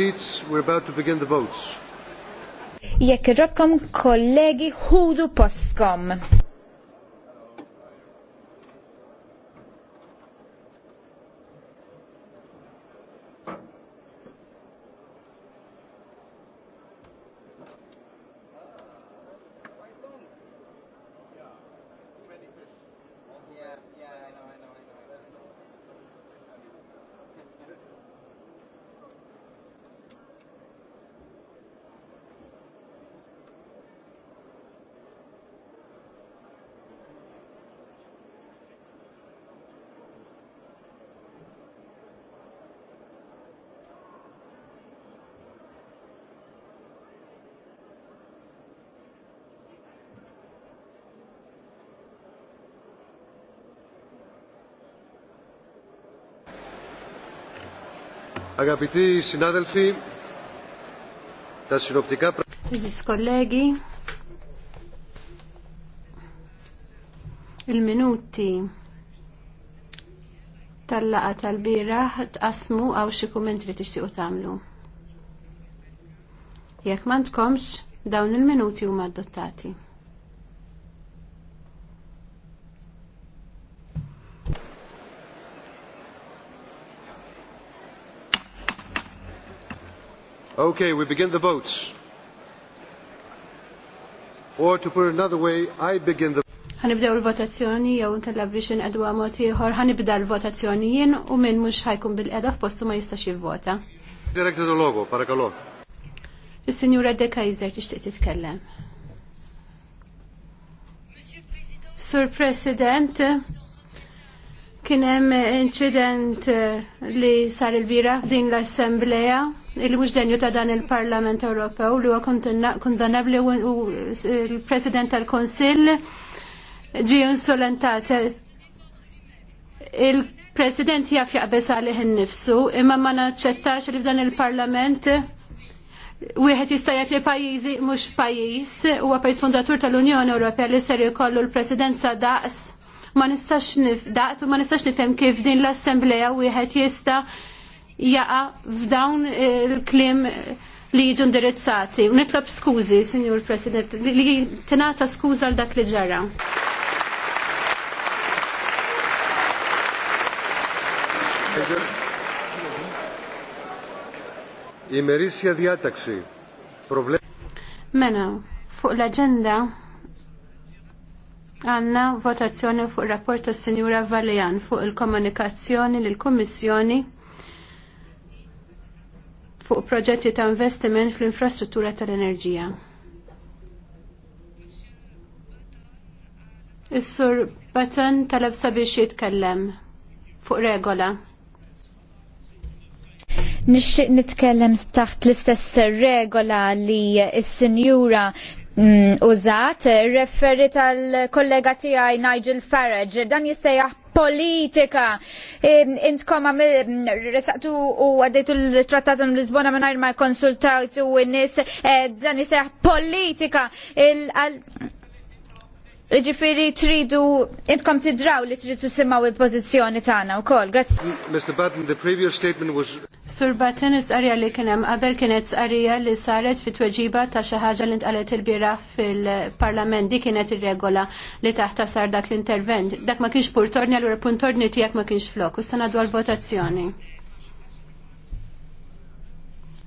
seats, we're about to begin the votes. Jekk irrobkom kollegi ħudu postkom. Αγαπητοί συνάδελφοι, τα συνοπτικά... il-minuti tal-laqa tal-biraħ tqasmu għaw xi kummentri tixtiequ tagħmlu. Jekk m'għandkomx, dawn il-minuti huma adottati. Okay, we begin the votes. Or to put it another way, I begin the ħanibdew il-votazzjoni jew inkella biex inqedwa mod ieħor ħanibda l-votazzjoni jien u min mhux ħajkun bil-qeda f'postu ma jistax jivvota. Direktor Logo, parakalon. Is-Sinjura De Kaiser tixtieq titkellem. Sur President, kien hemm inċident li sar il-bira f'din l-assembleja il mhux denju ta' dan il-Parlament Ewropew li huwa kondannabli u il-President tal-Konsill ġie insolentat il-President jaf jaqbes hinn innifsu imma ma naċċettax li f'dan il-Parlament Wieħed jista' jistajat li pajjiżi mhux pajjiż huwa pajjiż fundatur tal-Unjoni Ewropea li ser jkollu l-Presidenza daqs ma nistax nifdaqt u ma nistax nifhem kif din l-Assembleja wieħed jista' jaqa f'dawn eh, il-klim li jiġu indirizzati. U nitlob skużi, Signor President, li tingħata skuża għal dak li ġara. Imerisja diataxi. Mena, fuq l-agenda għanna votazzjoni fuq rapport tas Sinjura Valjan fuq il-komunikazzjoni l kummissjoni fuq proġetti ta' investiment fl-infrastruttura tal-enerġija. Is-sur Batan talab sabiex jitkellem fuq regola. Nixtieq nitkellem taħt l-istess regola li s-sinjura mm, użat referi tal-kollega tiegħi Nigel Farage dan jissejjaħ politika. Intkom resaqtu u għaddejtu l-trattat l-Lisbona minn ma konsultawtu u n-nis eh, dan jiseħ politika. Ġifiri tridu, intkom tidraw li tridu simaw il-pozizjoni tagħna wkoll. Grazzi. Mr. Button, the previous statement was Sur Button is-qarja li kien hemm qabel kienet sqarija li saret fit tweġiba ta' xi ħaġa li ntqalet il-bira fil-Parlament di kienet ir-regola li taħta sar dak l-intervent. Dak ma kienx purtorni għal puntorni tiegħek ma kienx flok u stana dwar votazzjoni.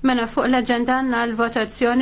Mena fuq l-aġenda għandna l-votazzjoni